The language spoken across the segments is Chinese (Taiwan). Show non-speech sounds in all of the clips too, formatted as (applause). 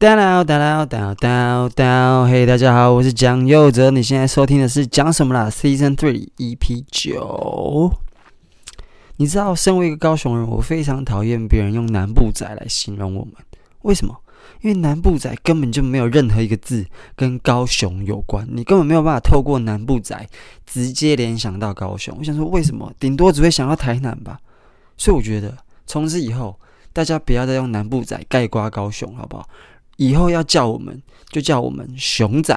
Down o 嘿，大家好，我是蔣佑哲。你現在收聽的是《蔣什麼啦》Season Three EP 九。你知道，身為一個高雄人，我非常討厭別人用“南部仔”來形容我們。為什麼？因為“南部仔”根本就沒有任何一個字跟高雄有關，你根本沒有辦法透過“南部仔”直接聯想到高雄。我想說，為什麼？頂多只會想到台南吧。所以我覺得，從此以後大家不要再用“南部仔”概括高雄，好不好？以後要叫我們就叫我們熊仔，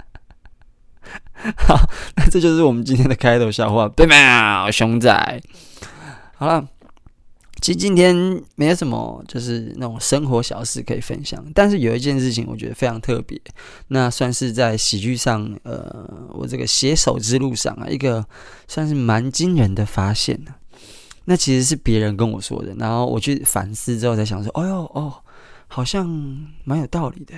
(laughs) 好，那這就是我們今天的開頭笑話。對沒有，熊仔，好了，其實今天沒有什麼就是那種生活小事可以分享，但是有一件事情我覺得非常特別，那算是在喜劇上，呃，我這個寫手之路上啊，一個算是蠻驚人的發現啊。那其實是別人跟我說的，然後我去反思之後才想說，哎呦哦。好像蠻有道理的。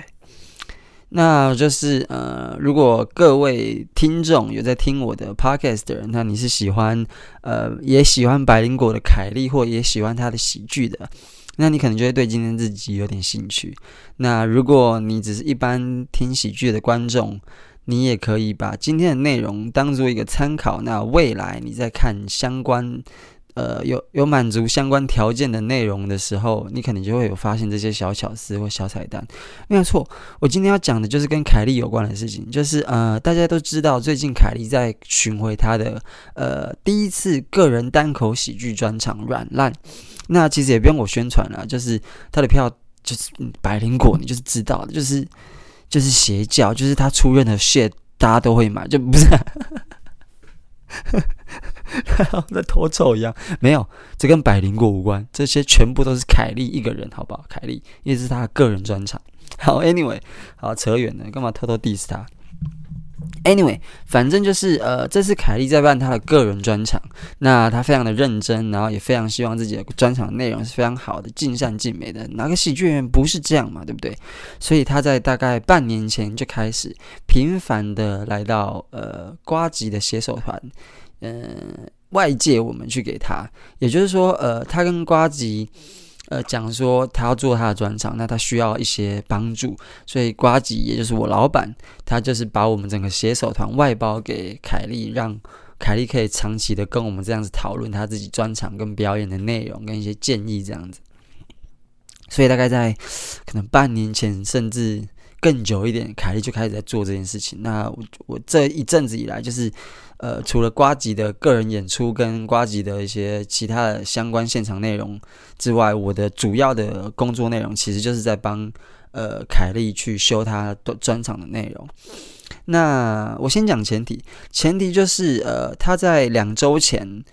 那就是呃，如果各位聽眾有在聽我的 podcast 的人，那你是喜歡呃，也喜歡百靈果的凱莉，或也喜歡他的喜劇的，那你可能就會對今天自己有點興趣。那如果你只是一般聽喜劇的觀眾，你也可以把今天的內容當做一個參考，那未來你再看相關。呃，有有滿足相關條件的內容的時候，你可能就會有發現這些小巧思或小彩蛋。沒有錯，我今天要講的就是跟凱莉有關的事情，就是呃，大家都知道最近凱莉在巡回她的呃第一次個人單口喜劇專場《卵爛》，那其實也不用我宣傳了，就是他的票就是百靈果，你就是知道的，就是就是邪教，就是他出任何 shit，大家都會買，就不是、啊。 (laughs) (laughs) 在偷臭一樣，沒有，這跟百靈果無關。這些全部都是凱莉一個人，好不好？凱莉，因為這是他的個人專場。好，Anyway，好扯遠了，幹嘛偷偷 diss 他？Anyway，反正就是呃，這次凱莉在辦他的個人專場，那他非常的認真，然後也非常希望自己的專場內容是非常好的，盡善盡美的。哪個喜劇人不是這樣嘛？對不對？所以他在大概半年前就開始頻繁的來到呃呱吉的寫手團。呃，外界，我們去給他，也就是說，呃，他跟呱吉，呃，講說他要做他的專場，那他需要一些幫助，所以呱吉也就是我老闆，他就是把我們整個寫手團外包給凱莉，讓凱莉可以長期的跟我們這樣子討論他自己專場跟表演的內容跟一些建議這樣子，所以大概在可能半年前甚至，更久一點，凱莉就開始在做這件事情。那我我這一陣子以來，就是呃，除了呱吉的個人演出跟呱吉的一些其他的相關現場內容之外，我的主要的工作內容其實就是在幫呃凱莉去修她專場的內容。那我先講前提，前提就是呃，她在兩周前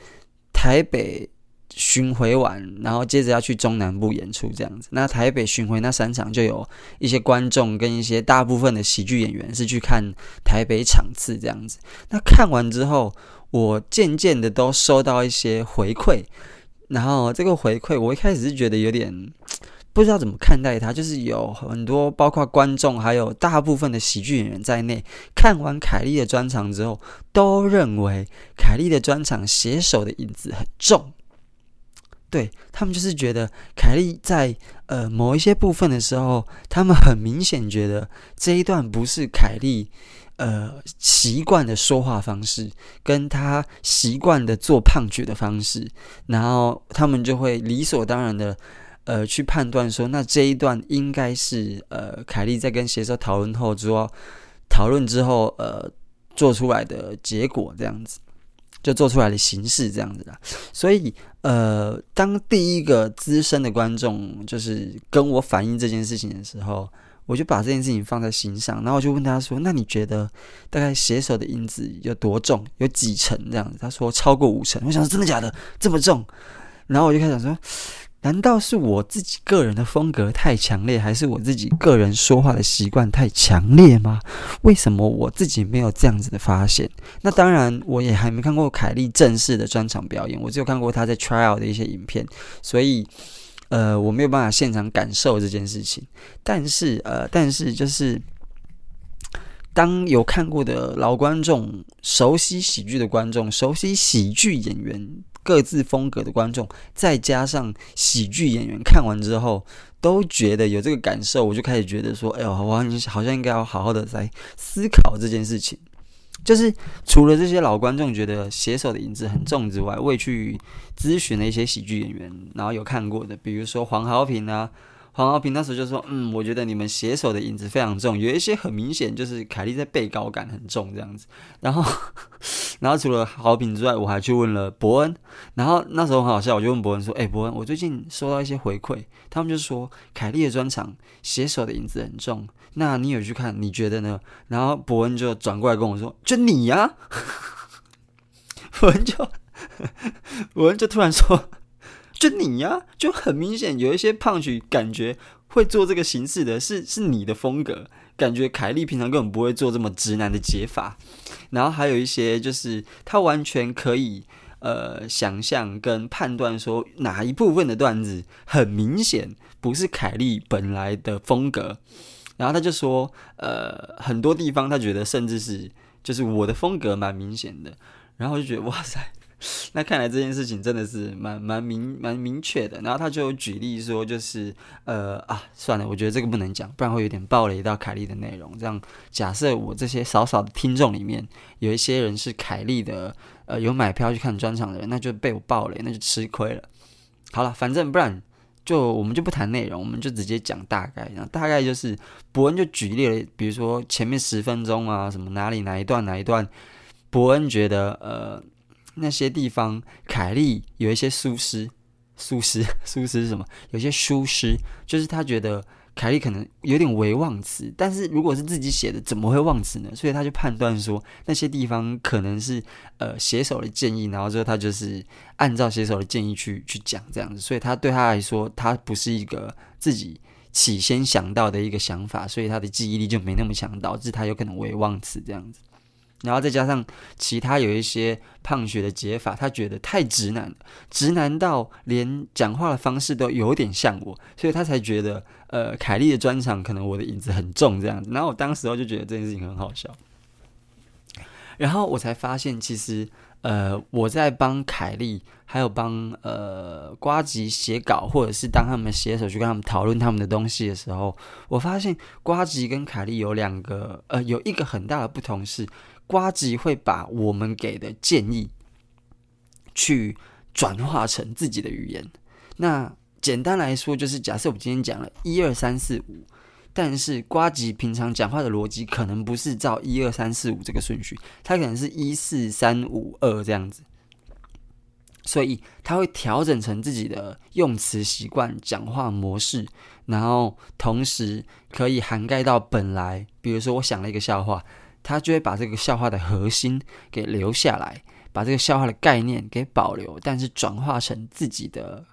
台北，巡迴完，然後接着要去中南部演出這樣子。那台北巡迴那三場，就有一些觀眾跟一些大部分的喜劇演員是去看台北場次這樣子。那看完之後，我漸漸的都收到一些回饋。然後這個回饋，我一開始是覺得有點不知道怎麼看待它，就是有很多包括觀眾還有大部分的喜劇演員在內，看完凱莉的專場之後，都認為凱莉的專場寫手的影子很重。對，他們就是覺得凱莉在呃某一些部分的時候，他們很明顯覺得這一段不是凱莉呃習慣的說話方式，跟他習慣的做判決的方式，然後他們就會理所當然的呃去判斷說，那這一段應該是呃凱莉在跟寫手討論後之討論之後呃做出來的結果這樣子，就做出來的形式這樣子的，所以呃，當第一個資深的觀眾就是跟我反映這件事情的時候，我就把這件事情放在心上，然後我就問他說：“那你覺得大概寫手的因子有多重，有幾成這樣子？”他說：“超過五成。”我想說：“真的假的？這麼重？”然後我就開始想說。難道是我自己個人的風格太強烈，還是我自己個人說話的習慣太強烈嗎？為什麼我自己沒有這樣子的發現？那當然，我也還沒看過凱利正式的專場表演，我只有看過他在 trial 的一些影片，所以呃，我沒有辦法現場感受這件事情。但是呃，但是就是當有看過的老觀眾、熟悉喜劇的觀眾、熟悉喜劇演員。各自風格的觀眾，再加上喜劇演員看完之後都覺得有這個感受，我就開始覺得說：“哎呦，我好像應該要好好的在思考這件事情。”就是除了這些老觀眾覺得《寫手》的影子很重之外，我也去諮詢了一些喜劇演員，然後有看過的，比如說黃豪平啊，黃豪平那時候就說：“嗯，我覺得你們《寫手》的影子非常重，有一些很明顯就是凱莉在背稿感很重這樣子。”然後。 (laughs) 然後除了好評之外，我還去問了博恩。然後那時候很好笑，我就問博恩說：“哎，博恩，我最近收到一些回饋，他們就說凱莉的專場寫手的影子很重。那你有去看？你覺得呢？”然後博恩就轉過來跟我說：“就你呀、啊！”博恩就博恩就突然說：“就你呀、啊！”就很明顯有一些 punch 感覺會做這個形式的，是是你的風格。感覺凱莉平常根本不會做這麼直男的解法。然後還有一些就是他完全可以呃想象跟判斷說哪一部分的段子很明顯不是凱莉本來的風格，然後他就說呃，很多地方他覺得甚至是就是我的風格蠻明顯的，然後我就覺得哇塞。那看來這件事情真的是蠻蠻明蠻明確的。然後他就有舉例說，就是呃啊，算了，我覺得這個不能講，不然會有點爆雷到凱莉的內容。這樣假設我這些少少的聽眾裡面有一些人是凱莉的，呃，有買票去看專場的人，那就被我爆雷，那就吃虧了。好了，反正不然就我們就不談內容，我們就直接講大概。然後大概就是伯恩就舉例了，比如說前面十分鐘啊，什麼哪裡哪一段哪一段，伯恩覺得呃。那些地方，凱莉有一些疏失、疏失，疏失是什麼？有些疏失就是他覺得凱莉可能有點會忘詞，但是如果是自己寫的，怎麼會忘詞呢？所以他就判斷說，那些地方可能是呃寫手的建議，然後之後他就是按照寫手的建議去去講這樣子。所以他對他來說，他不是一個自己起先想到的一個想法，所以他的記憶力就沒那麼強，導致他有可能會忘詞這樣子。然後再加上其他有一些胖學的解法，他覺得太直男直男，到連講話的方式都有點像我，所以他才覺得呃凱莉的專場，可能我的影子很重這樣。然後我當時候就覺得這件事情很好笑，然後我才發現其實呃我在幫凱莉還有幫呃呱吉寫稿，或者是當他們寫手去跟他們討論他們的東西的時候，我發現呱吉跟凱莉有兩個呃有一個很大的不同是，呱吉會把我們給的建議去轉化成自己的語言。那簡單來說，就是假設我們今天講了一二三四五，但是呱吉平常講話的邏輯可能不是照一二三四五這個順序，它可能是一四三五二這樣子。所以他會調整成自己的用詞習慣、講話模式，然後同時可以涵蓋到本來，比如說我想了一個笑話。他就會把這個笑話的核心給留下來，把這個笑話的概念給保留，但是轉化成自己的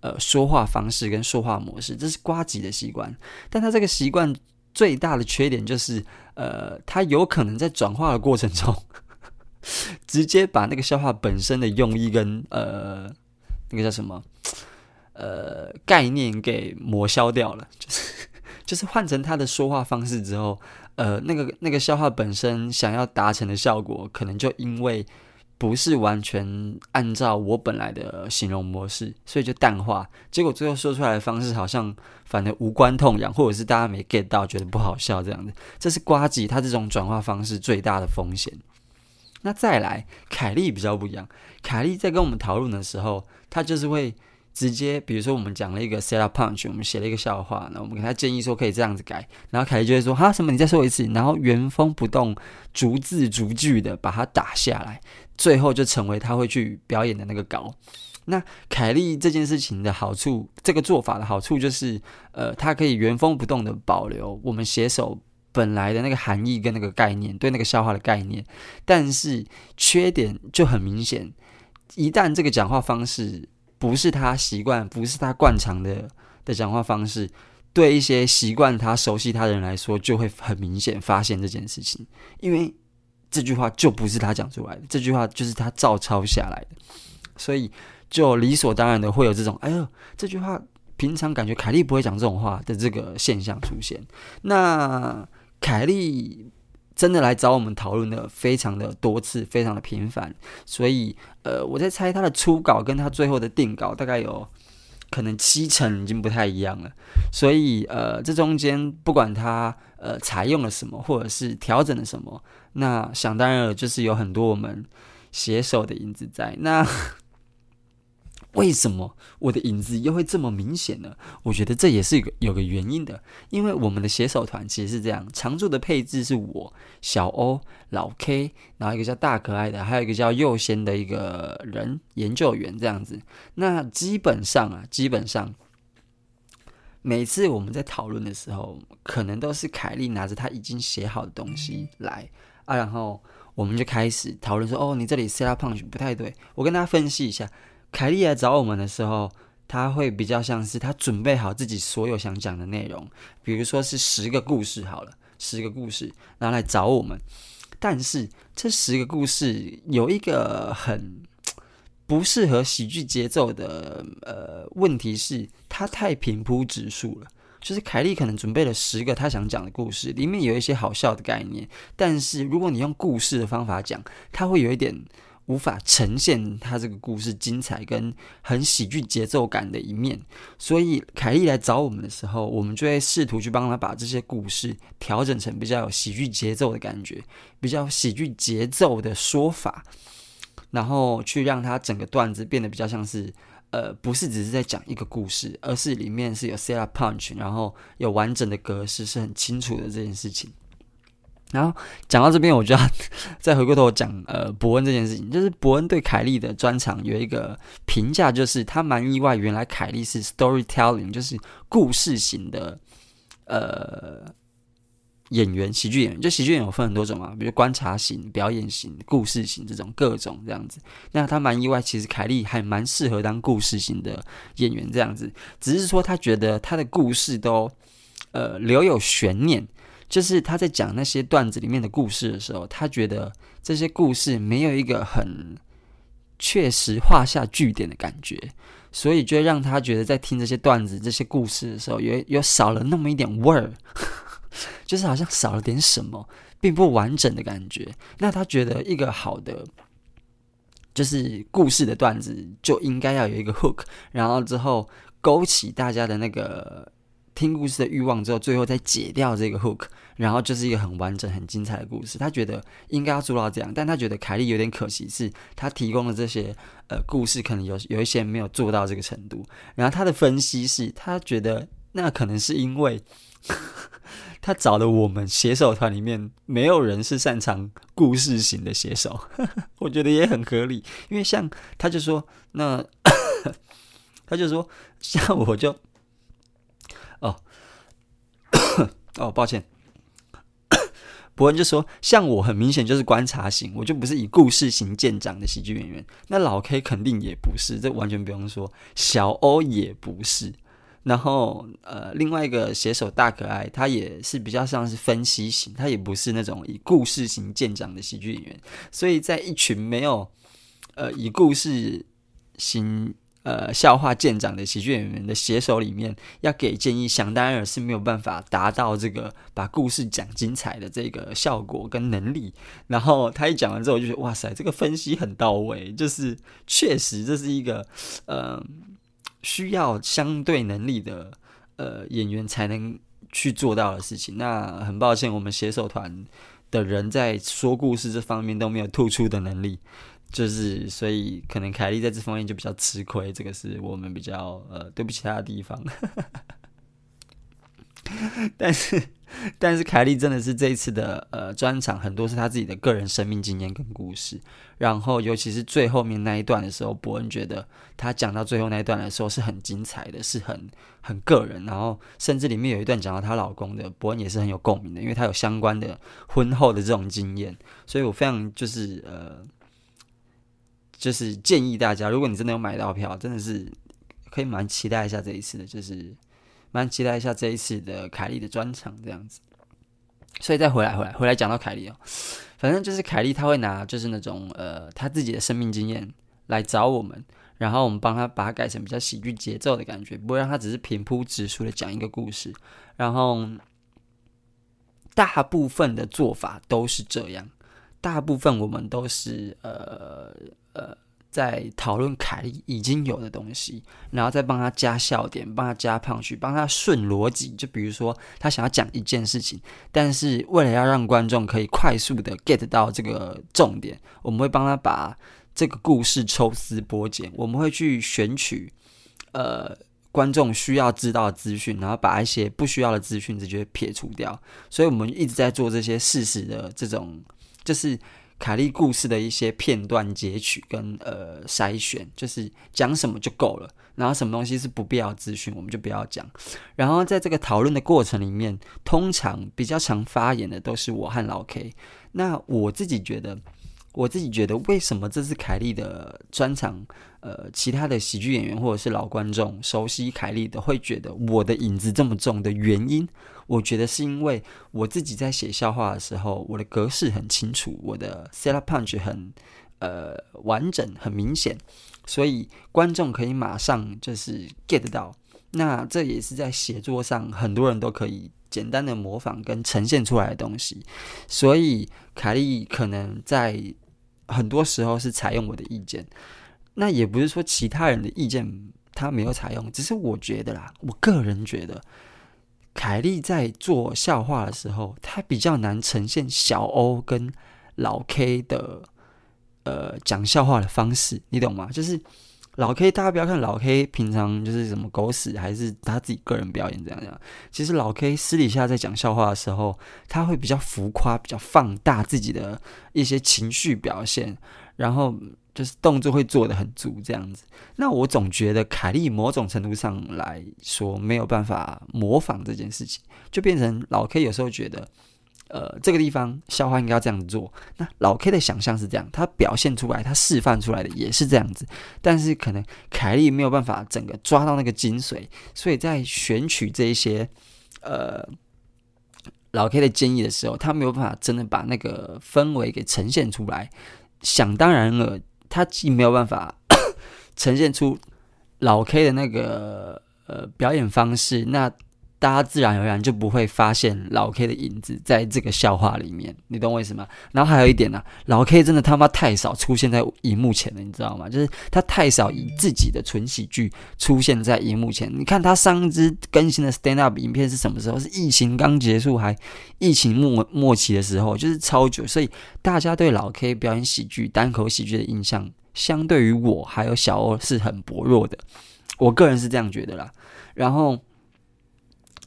呃說話方式跟說話模式，這是呱吉的習慣。但他這個習慣最大的缺點就是，呃，他有可能在轉化的過程中， (laughs) 直接把那個笑話本身的用意跟呃那個叫什麼呃概念給抹消掉了，就是就是換成他的說話方式之後。呃，那個那個笑話本身想要達成的效果，可能就因為不是完全按照我本來的形容模式，所以就淡化。結果最後說出來的方式，好像反而無關痛癢，或者是大家沒 get 到，覺得不好笑這樣子。這是呱吉他這種轉化方式最大的風險。那再來，凱莉比較不一樣。凱莉在跟我們討論的時候，他就是會。直接，比如說我們講了一個 setup punch，我們寫了一個笑話，那我們給他建議說可以這樣子改，然後凱莉就會說哈什麼？你再說一次，然後原封不動、逐字逐句的把它打下來，最後就成為他會去表演的那個稿。那凱莉這件事情的好處，這個做法的好處就是，呃，他可以原封不動的保留我們寫手本來的那個含義跟那個概念，對那個笑話的概念，但是缺點就很明顯，一旦這個講話方式。不是他習慣，不是他慣常的的講話方式，對一些習慣他熟悉他的人來說，就會很明顯發現這件事情，因為這句話就不是他講出來的，這句話就是他照抄下來的，所以就理所當然的會有這種，哎呦，這句話平常感覺凱莉不會講這種話的這個現象出現，那凱莉真的來找我們討論的非常的多次，非常的頻繁，所以呃，我在猜他的初稿跟他最後的定稿大概有可能七成已經不太一樣了，所以呃，這中間不管他呃採用了什麼，或者是調整了什麼，那想當然就是有很多我們寫手的影子在那。為什麼我的影子又會這麼明顯呢？我覺得這也是一個有個原因的，因為我們的寫手團其實是這樣：常駐的配置是我、小歐、老 K，然後一個叫大可愛的，還有一個叫右先的一個人研究員這樣子。那基本上啊，基本上每次我們在討論的時候，可能都是凱莉拿着他已經寫好的東西來啊，然後我們就開始討論說：“哦，你這裡 set up punch 不太對，我跟大家分析一下。”凱利來找我們的時候，他會比較像是他準備好自己所有想講的內容，比如說是十個故事好了，十個故事，然後來找我們。但是這十個故事有一個很不適合喜劇節奏的呃問題是，是它太平鋪直述了。就是凱利可能準備了十個他想講的故事，裡面有一些好笑的概念，但是如果你用故事的方法講，他會有一點，無法呈現他這個故事精彩跟很喜劇節奏感的一面，所以凱莉來找我們的時候，我們就會試圖去幫他把這些故事調整成比較有喜劇節奏的感覺，比較喜劇節奏的說法，然後去讓他整個段子變得比較像是，呃，不是只是在講一個故事，而是裡面是有 setup punch，然後有完整的格式是很清楚的這件事情。然後講到這邊，我就要再回過頭講，呃，博恩這件事情，就是博恩對凱莉的專場有一個評價，就是他蠻意外，原來凱莉是 storytelling，就是故事型的，呃，演員，喜劇演員。就喜劇演員有分很多種嘛，比如觀察型、表演型、故事型這種各種這樣子。那他蠻意外，其實凱莉還蠻適合當故事型的演員這樣子，只是說他覺得他的故事都，呃，留有懸念。就是他在講那些段子裡面的故事的時候，他覺得這些故事沒有一個很確實畫下句點的感覺，所以就讓他覺得在聽這些段子、這些故事的時候，有有少了那麼一點味兒，就是好像少了點什麼，並不完整的感覺。那他覺得一個好的就是故事的段子就應該要有一個 hook，然後之後勾起大家的那個。聽故事的欲望之後，最後再解掉這個 hook，然後就是一個很完整、很精彩的故事。他覺得應該要做到這樣，但他覺得凱莉有點可惜是，是他提供的這些呃故事，可能有有一些沒有做到這個程度。然後他的分析是他覺得那可能是因為他找的我們寫手團裡面沒有人是擅長故事型的寫手呵呵，我覺得也很合理，因為像他就說，那他就說，像我就。哦，哦、oh,， (coughs) oh, 抱歉， (coughs) 伯恩就說，像我很明顯就是觀察型，我就不是以故事型見長的喜劇演員。那老 K 肯定也不是，這完全不用說。小歐也不是，然後呃，另外一個寫手大可愛，他也是比較像是分析型，他也不是那種以故事型見長的喜劇演員。所以在一群沒有呃以故事型。呃，笑話見長的喜劇演員的寫手裡面，要給建議，想當然是沒有辦法達到這個把故事講精彩的這個效果跟能力。然後他一講完之後，就覺得哇塞，這個分析很到位，就是確實這是一個呃需要相對能力的呃演員才能去做到的事情。那很抱歉，我們寫手團的人在說故事這方面都沒有突出的能力。就是，所以可能凱莉在這方面就比較吃虧，這個是我們比較呃對不起她的地方。 (laughs) 但是，但是凱莉真的是這一次的呃專場，很多是她自己的個人生命經驗跟故事。然後，尤其是最後面那一段的時候，博恩覺得她講到最後那一段的時候是很精彩的，是很很個人。然後，甚至裡面有一段講到她老公的，博恩也是很有共鳴的，因為她有相關的婚後的這種經驗。所以我非常就是呃。就是建議大家，如果你真的有買到票，真的是可以蠻期待一下這一次的，就是蠻期待一下這一次的凱莉的專場這樣子。所以再回來，回來，回來講到凱莉哦，反正就是凱莉，他會拿就是那種呃他自己的生命經驗來找我們，然後我們幫他把它改成比較喜劇節奏的感覺，不會讓他只是平鋪直述的講一個故事。然後大部分的做法都是這樣，大部分我們都是呃。呃，在討論凱莉已經有的東西，然後再幫他加笑點，幫他加胖去，幫他順邏輯。就比如說，他想要講一件事情，但是為了要讓觀眾可以快速的 get 到這個重點，我們會幫他把這個故事抽絲剝繭，我們會去選取呃觀眾需要知道的資訊，然後把一些不需要的資訊直接撇除掉。所以，我們一直在做這些事實的這種，就是。凱莉故事的一些片段截取跟呃篩選，就是講什麼就夠了，然後什麼東西是不必要資訊，我們就不要講。然後在這個討論的過程裡面，通常比較常發言的都是我和老 K。那我自己覺得。我自己覺得，為什麼這是凱莉的專場？呃，其他的喜劇演員或者是老觀眾熟悉凱莉的，會覺得我的影子這麼重的原因，我覺得是因為我自己在寫笑話的時候，我的格式很清楚，我的 setup punch 很呃完整，很明顯，所以觀眾可以馬上就是 get 到。那這也是在寫作上很多人都可以簡單的模仿跟呈現出來的東西。所以凱莉可能在很多時候是採用我的意見，那也不是說其他人的意見他沒有採用，只是我覺得啦，我個人覺得，凱莉在做笑話的時候，他比較難呈現小歐跟老 K 的，呃，講笑話的方式，你懂嗎？就是。老 K，大家不要看老 K 平常就是什麼狗屎，還是他自己個人表演這樣這樣。其實老 K 私底下在講笑話的時候，他會比較浮誇，比較放大自己的一些情緒表現，然後就是動作會做得很足這樣子。那我總覺得凱莉某種程度上來說沒有辦法模仿這件事情，就變成老 K 有時候覺得。呃，這個地方，笑話應該要這樣做。那老 K 的想象是這樣，他表現出來，他示範出來的也是這樣子。但是可能凱莉沒有辦法整個抓到那個精髓，所以在選取這一些呃老 K 的建議的時候，他沒有辦法真的把那個氛圍給呈現出來。想當然了，他既沒有辦法 (coughs) 呈現出老 K 的那個呃表演方式，那。大家自然而然就不會發現老 K 的影子在這個笑話裡面，你懂我意思嗎？然後還有一點呢、啊，老 K 真的他媽太少出現在熒幕前了，你知道嗎？就是他太少以自己的純喜劇出現在熒幕前。你看他上一支更新的 stand up 影片是什麼時候？是疫情剛結束還疫情末末期的時候，就是超久。所以大家對老 K 表演喜劇單口喜劇的印象，相對於我還有小歐是很薄弱的。我個人是這樣覺得啦。然後。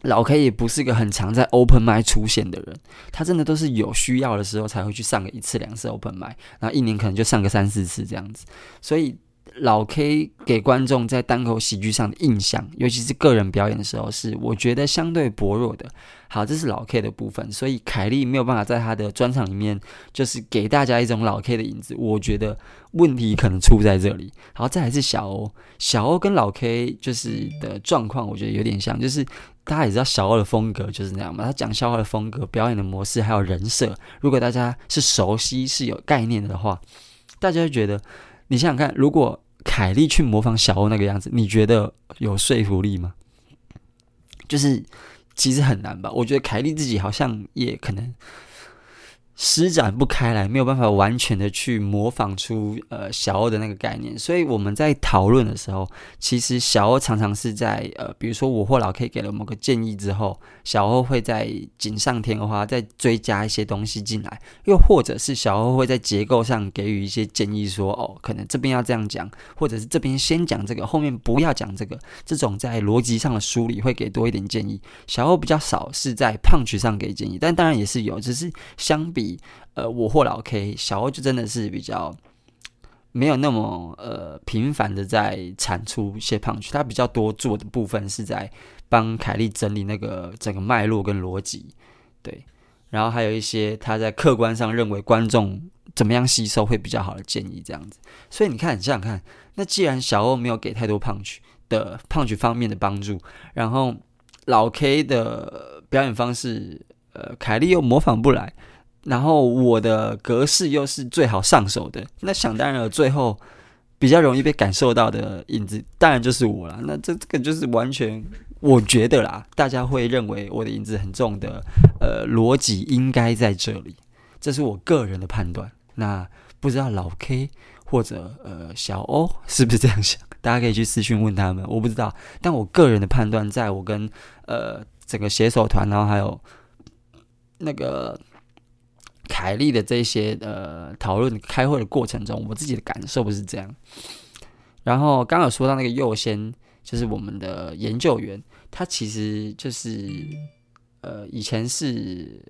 老 K 也不是一個很常在 Open Mic 出現的人，他真的都是有需要的時候才會去上個一次兩次 Open Mic，然後一年可能就上個三四次這樣子，所以。老 K 給觀眾在單口喜劇上的印象，尤其是個人表演的時候，是我覺得相對薄弱的。好，這是老 K 的部分，所以凱莉沒有辦法在他的專場裡面，就是給大家一種老 K 的影子。我覺得問題可能出在這裡。好，再來是小歐，小歐跟老 K 就是的狀況，我覺得有點像。就是大家也知道小歐的風格就是那樣嘛，他講笑話的風格、表演的模式還有人設，如果大家是熟悉是有概念的話，大家會覺得。你想想看，如果凱莉去模仿小歐那個樣子，你覺得有說服力嗎？就是其實很難吧。我覺得凱莉自己好像也可能。施展不開來，沒有辦法完全的去模仿出呃小歐的那個概念，所以我們在討論的時候，其實小歐常常是在呃，比如說我或老 K 給了我們個建議之後，小歐會在錦上添花，再追加一些東西進來，又或者是小歐會在結構上給予一些建議說，說哦，可能這邊要這樣講，或者是這邊先講這個，後面不要講這個，這種在邏輯上的梳理會給多一點建議。小歐比較少是在 punch 上給建議，但當然也是有，只是相比。呃，我或老 K，小歐就真的是比較沒有那麼呃頻繁的在產出一些 punch，他比較多做的部分是在幫凱莉整理那個整個脈絡跟邏輯，對，然後還有一些他在客觀上認為觀眾怎麼樣吸收會比較好的建議這樣子。所以你看，你想想看，那既然小歐沒有給太多 punch 的 punch 方面的幫助，然後老 K 的表演方式，呃，凱莉又模仿不來。然後我的格式又是最好上手的，那想當然了，最後比較容易被感受到的影子，當然就是我了。那這這個就是完全我覺得啦，大家會認為我的影子很重的，呃，邏輯應該在這裡，這是我個人的判斷。那不知道老 K 或者呃小 O 是不是這樣想？大家可以去私訊問他們，我不知道，但我個人的判斷在，在我跟呃整個寫手團，然後還有那個。凱莉的這些呃討論、開會的過程中，我自己的感受不是這樣。然後剛剛有說到那個右先，就是我們的研究員，他其實就是呃以前是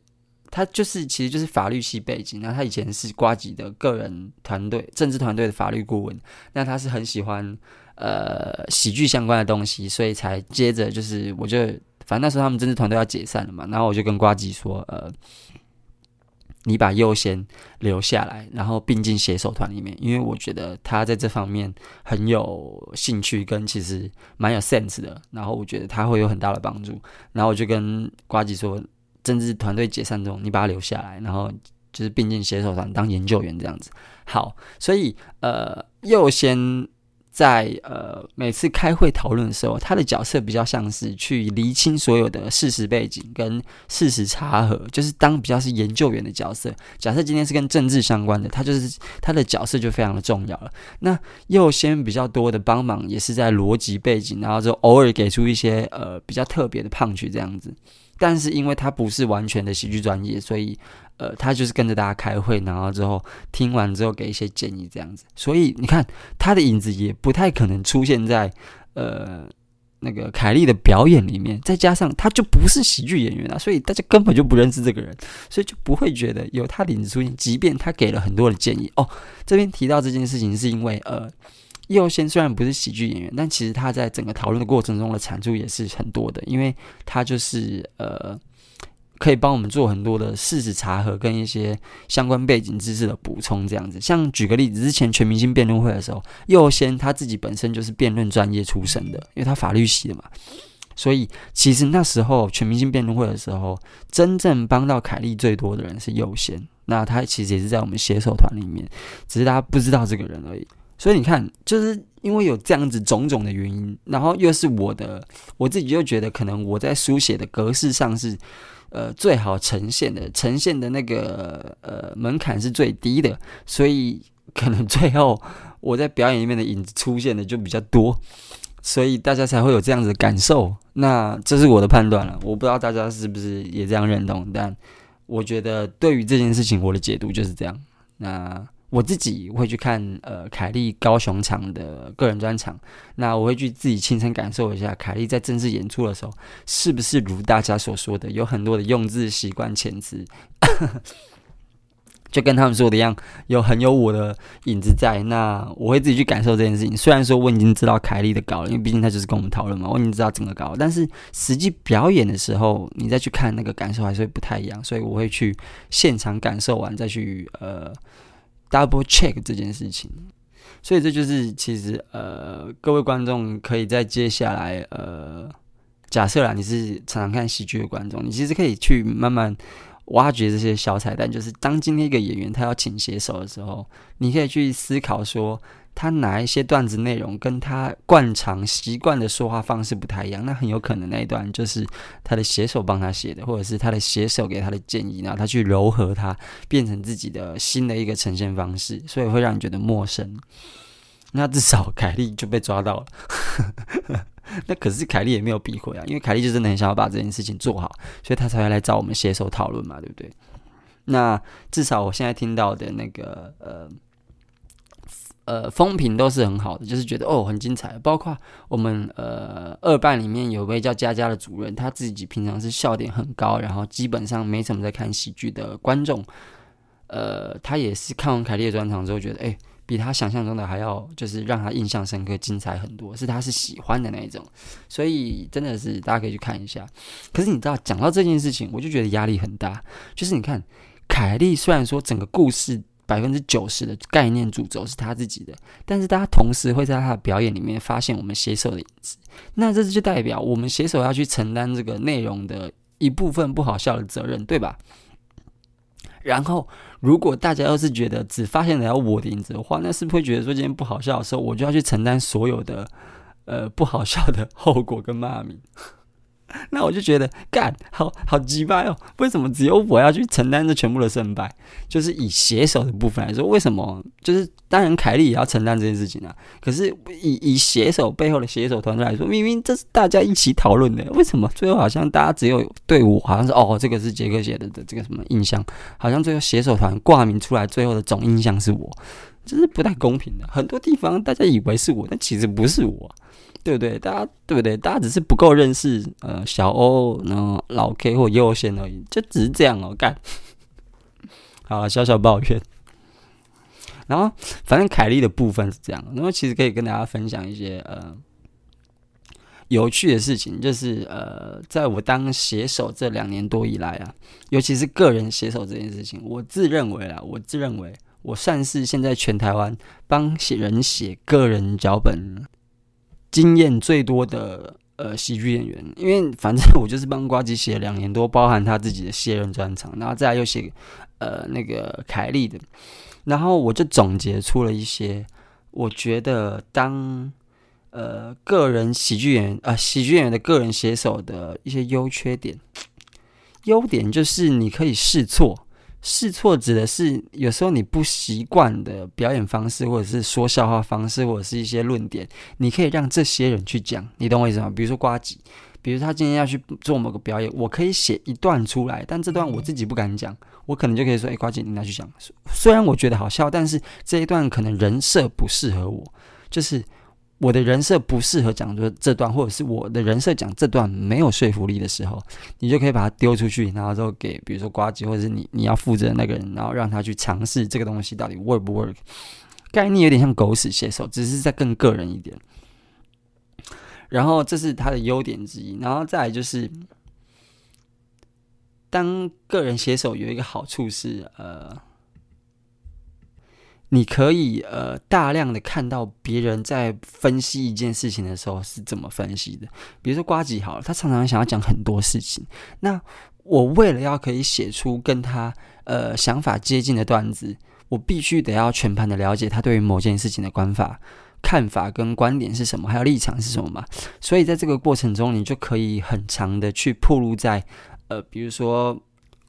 他就是其實就是法律系背景，那他以前是呱吉的個人團隊、政治團隊的法律顧問，那他是很喜歡呃喜劇相關的東西，所以才接着就是我就反正那時候他們政治團隊要解散了嘛，然後我就跟呱吉說呃。你把優先留下來，然後併進寫手團裡面，因為我覺得他在這方面很有興趣，跟其實蠻有 sense 的。然後我覺得他會有很大的幫助。然後我就跟呱吉說，政治團隊解散中，你把他留下來，然後就是併進寫手團當研究員這樣子。好，所以呃，優先。在呃每次開會討論的時候，他的角色比較像是去釐清所有的事實背景跟事實查核，就是當比較是研究員的角色。假設今天是跟政治相關的，他就是他的角色就非常的重要了。那又先比較多的幫忙也是在邏輯背景，然後就偶爾給出一些呃比較特別的 punch 這樣子。但是因為他不是完全的喜劇專業，所以。呃，他就是跟着大家開會，然後之後聽完之後給一些建議這樣子。所以你看，他的影子也不太可能出現在呃那個凱莉的表演裡面。再加上他就不是喜劇演員啊，所以大家根本就不認識這個人，所以就不會覺得有他的影子出現。即便他給了很多的建議哦，這邊提到這件事情是因為呃，右先雖然不是喜劇演員，但其實他在整個討論的過程中的產出也是很多的，因為他就是呃。可以幫我們做很多的事實查核跟一些相關背景知識的補充，這樣子。像舉個例子，之前全明星辯論會的時候，優先他自己本身就是辯論專業出身的，因為他法律系的嘛，所以其實那時候全明星辯論會的時候，真正幫到凱莉最多的人是優先。那他其實也是在我們寫手團裡面，只是大家不知道這個人而已。所以你看，就是因為有這樣子種種的原因，然後又是我的我自己就覺得，可能我在書寫的格式上是。呃，最好呈現的呈現的那個呃門檻是最低的，所以可能最後我在表演裡面的影子出現的就比較多，所以大家才會有這樣子的感受。那這是我的判斷了，我不知道大家是不是也這樣認同，但我覺得對於這件事情我的解讀就是這樣。那我自己會去看呃，凱莉高雄場的個人專場，那我會去自己親身感受一下凱莉在正式演出的時候，是不是如大家所說的有很多的用字習慣、潛置，就跟他們說的一樣，有很有我的影子在。那我會自己去感受這件事情。雖然說我已經知道凱莉的稿，因為畢竟他就是跟我們討論嘛，我已經知道整個稿，但是實際表演的時候，你再去看那個感受還是會不太一樣。所以我會去現場感受完再去呃。Double check 這件事情，所以這就是其實呃，各位觀眾可以在接下來呃，假設啦，你是常常看喜劇的觀眾，你其實可以去慢慢挖掘這些小彩蛋，就是當今天一個演員他要請寫手的時候，你可以去思考說。他哪一些段子內容跟他慣常習慣的說話方式不太一樣，那很有可能那一段就是他的寫手幫他寫的，或者是他的寫手給他的建議，然後他去柔和它，變成自己的新的一個呈現方式，所以會讓你覺得陌生。那至少凱莉就被抓到了， (laughs) 那可是凱莉也沒有避諱啊，因為凱莉就真的很想要把這件事情做好，所以他才會來找我們寫手討論嘛，對不對？那至少我現在聽到的那個呃。呃，風評都是很好的，就是覺得哦很精彩。包括我們呃二班裡面有位叫佳佳的主任，他自己平常是笑點很高，然後基本上沒什麼在看喜劇的觀眾，呃，他也是看完凱莉的專場之後覺得，哎，比他想象中的還要，就是讓他印象深刻、精彩很多，是他是喜歡的那一種。所以真的是大家可以去看一下。可是你知道，講到這件事情，我就覺得壓力很大。就是你看凱莉，雖然說整個故事。百分之九十的概念主軸是他自己的，但是大家同時會在他的表演裡面發現我們寫手的影子，那這就代表我們寫手要去承擔這個內容的一部分不好笑的責任，對吧？然後，如果大家要是覺得只發現了要我的影子的話，那是不是會覺得說今天不好笑的時候，我就要去承擔所有的呃不好笑的後果跟罵名？那我就覺得幹，好好雞掰哦！為什麼只有我要去承擔這全部的勝敗？就是以寫手的部分來說，為什麼就是當然凱莉也要承擔這件事情啊。可是以以寫手背後的寫手團隊來說，明明這是大家一起討論的，為什麼最後好像大家只有對我好像是哦這個是傑克寫的的這個什麼印象？好像最後寫手團掛名出來，最後的總印象是我，這是不太公平的。很多地方大家以為是我，但其實不是我。對不對？大家對不對？大家只是不夠認識呃小歐，然後老 K 或優先而已，就只是這樣哦。幹， (laughs) 好，小小抱怨。然後反正凱莉的部分是這樣，那麼其實可以跟大家分享一些呃有趣的事情，就是呃，在我當寫手這兩年多以來啊，尤其是個人寫手這件事情，我自認為啊，我自認為我算是現在全台灣幫寫人寫個人腳本。經驗最多的呃喜劇演員，因為反正我就是幫呱吉寫了兩年多，包含他自己的卸任專場，然後再來又寫呃那個凱莉的，然後我就總結出了一些，我覺得當呃個人喜劇演員啊、呃，喜劇演員的個人寫手的一些優缺點，優點就是你可以試錯。試錯指的是有時候你不習慣的表演方式，或者是說笑話方式，或者是一些論點，你可以讓這些人去講，你懂我意思嗎？比如說呱吉，比如他今天要去做某個表演，我可以寫一段出來，但這段我自己不敢講，我可能就可以說，誒、欸，呱吉你拿去講，雖然我覺得好笑，但是這一段可能人設不適合我，就是。我的人設不適合講說這段，或者是我的人設講這段沒有說服力的時候，你就可以把它丟出去，然後之後給比如說呱吉，或者是你你要負責的那個人，然後讓他去嘗試這個東西到底 work 不 work。概念有點像狗屎寫手，只是再更個人一點。然後這是他的優點之一，然後再來就是，當個人寫手有一個好處是呃。你可以呃大量的看到別人在分析一件事情的時候是怎麼分析的，比如說呱吉好了，他常常想要講很多事情。那我為了要可以寫出跟他呃想法接近的段子，我必須得要全盤的了解他對於某件事情的觀法、看法跟觀點是什麼，還有立場是什麼嘛。所以在這個過程中，你就可以很長的去暴露在呃，比如說。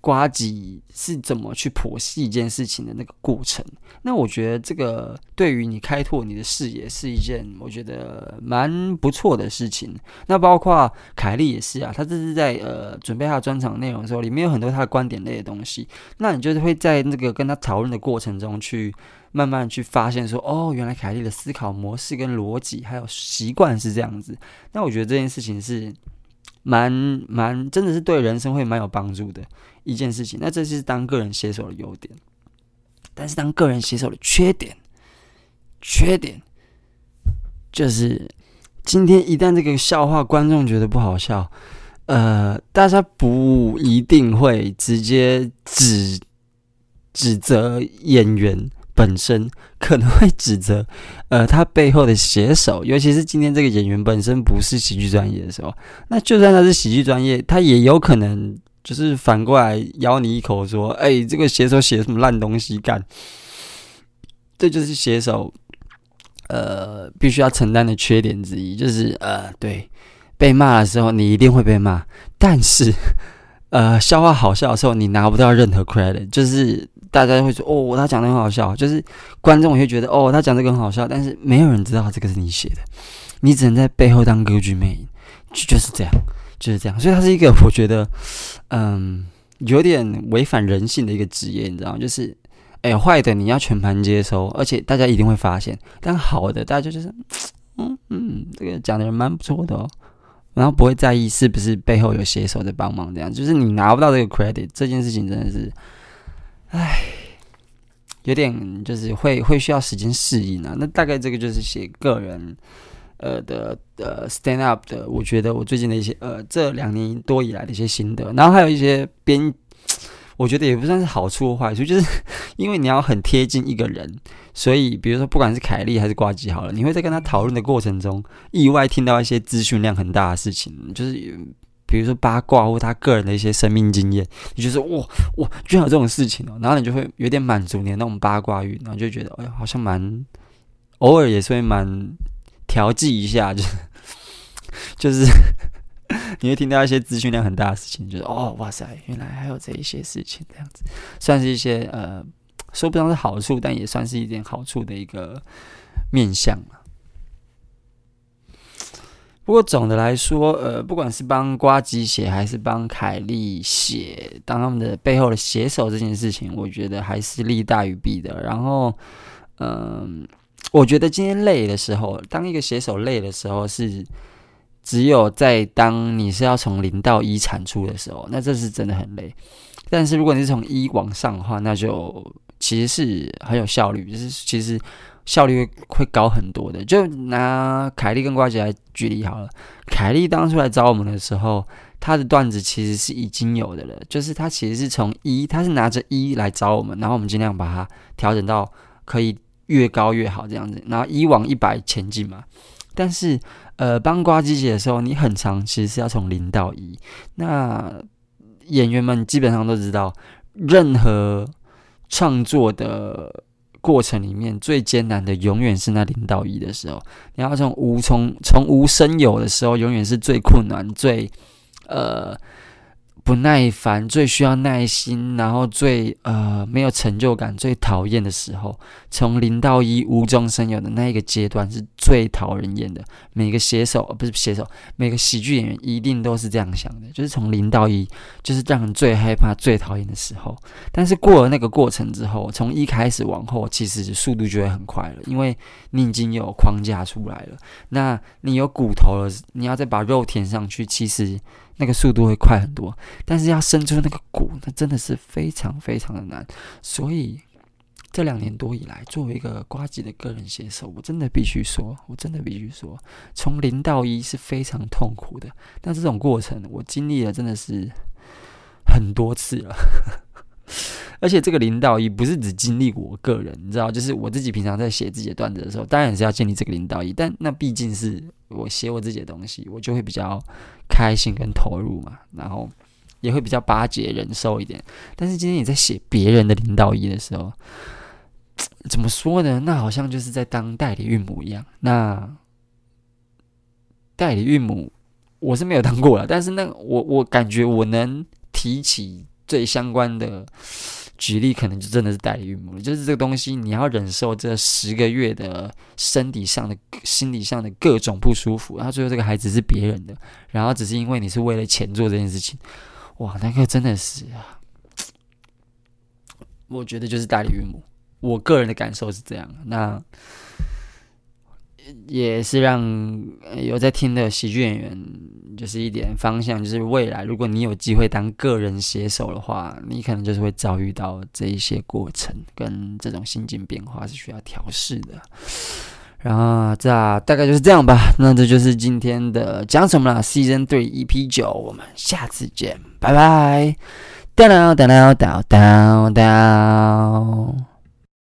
呱吉是怎麼去剖析一件事情的那個過程？那我覺得這個對於你開拓你的視野是一件我覺得蠻不錯的事情。那包括凱莉也是啊，她這是在呃準備她專場的內容的時候，裡面有很多她的觀點類的東西。那你就是會在那個跟她討論的過程中去慢慢去發現說，說哦，原來凱莉的思考模式跟邏輯還有習慣是這樣子。那我覺得這件事情是蠻蠻真的是對人生會蠻有幫助的。一件事情，那這是當個人寫手的優點，但是當個人寫手的缺點，缺點就是今天一旦這個笑話觀眾覺得不好笑，呃，大家不一定會直接指，指責演員本身，可能會指責呃他背後的寫手，尤其是今天這個演員本身不是喜劇專業的時候，那就算他是喜劇專業，他也有可能。就是反過來咬你一口，說：“哎、欸，這個寫手寫什麼爛東西幹？”這就是寫手，呃，必須要承擔的缺點之一，就是呃，對，被罵的時候你一定會被罵，但是，呃，笑話好笑的時候你拿不到任何 credit，就是大家會說：“哦，他講的很好笑。”就是觀眾會覺得：“哦，他講這個很好笑。”但是沒有人知道這個是你寫的，你只能在背後當歌劇魅影，就就是這樣。就是這樣，所以它是一個我覺得，嗯，有點違反人性的一個職業，你知道嗎？就是，哎，壞的你要全盤接收，而且大家一定會發現；但好的，大家就就是，嗯嗯，這個講的人蠻不錯的哦，然後不會在意是不是背後有寫手在幫忙，這樣就是你拿不到這個 credit，這件事情真的是，哎，有點就是會會需要時間適應啊。那大概這個就是寫個人。呃的呃，stand up 的，我覺得我最近的一些呃，這兩年多以來的一些心得，然後還有一些編，我覺得也不算是好處或壞處，就是因為你要很貼近一個人，所以比如說不管是凱莉還是呱吉好了，你會在跟他討論的過程中，意外聽到一些資訊量很大的事情，就是比如說八卦或他個人的一些生命經驗，你就說，哇哇居然有這種事情哦，然後你就會有點滿足你的那種八卦欲，然後就覺得哎呀好像蠻，偶爾也是會蠻。調劑一下，就是就是 (laughs) 你會聽到一些資訊量很大的事情，就是哦，哇塞，原來還有這一些事情這樣子，算是一些呃，說不上是好處，但也算是一點好處的一個面向嘛。不過總的來說，呃，不管是幫呱吉寫還是幫凱莉寫，當他們的背後的寫手這件事情，我覺得還是利大於弊的。然後，嗯、呃。我覺得今天累的時候，當一個寫手累的時候，是只有在當你是要從零到一產出的時候，那這是真的很累。但是如果你是從一往上的話，那就其實是很有效率，就是其實效率會會高很多的。就拿凱莉跟瓜姐來舉例好了。凱莉當初來找我們的時候，她的段子其實是已經有的了，就是她其實是從一，她是拿着一來找我們，然後我們儘量把它調整到可以。越高越好，這樣子，然後一往一百前進嘛。但是，呃，幫瓜機姐的時候，你很常，其實是要從零到一。那演員們基本上都知道，任何創作的過程裡面，最艱難的永遠是那零到一的時候。你要從無從從無生有的時候，永遠是最困難、最呃。不耐煩，最需要耐心，然後最呃沒有成就感，最討厭的時候，從零到一無中生有的那一個階段是最討人厭的。每個寫手不是寫手，每個喜劇演員一定都是這樣想的，就是從零到一，就是讓人最害怕、最討厭的時候。但是過了那個過程之後，從一開始往後，其實速度就會很快了，因為你已經有框架出來了，那你有骨頭了，你要再把肉填上去，其實。那個速度會快很多，但是要生出那個骨，那真的是非常非常的難。所以這兩年多以來，作為一個瓜級的個人寫手，我真的必須說，我真的必須說，從零到一是非常痛苦的。但這種過程，我經歷了真的是很多次了。 (laughs) 而且這個零到一不是只經歷我個人，你知道，就是我自己平常在寫自己的段子的時候，當然也是要建立這個零到一。但那畢竟是我寫我自己的東西，我就會比較開心跟投入嘛，然後也會比較巴結人受一點。但是今天你在寫別人的零到一的時候，怎麼說呢？那好像就是在當代理孕母一樣。那代理孕母我是沒有當過了，但是那我我感覺我能提起。最相關的舉例，可能就真的是代理孕母。就是這個東西，你要忍受這十個月的身體上的、心理上的各種不舒服，然後最後這個孩子是別人的，然後只是因為你是為了錢做這件事情，哇，那個真的是啊！我覺得就是代理孕母，我個人的感受是這樣。那。也是讓有在聽的喜劇演員，就是一點方向，就是未來如果你有機會當個人寫手的話，你可能就是會遭遇到這一些過程跟這種心境變化是需要調適的。然後這大概就是這樣吧。那這就是今天的講什麼啦 Season 3 EP9。我們下次見，拜拜。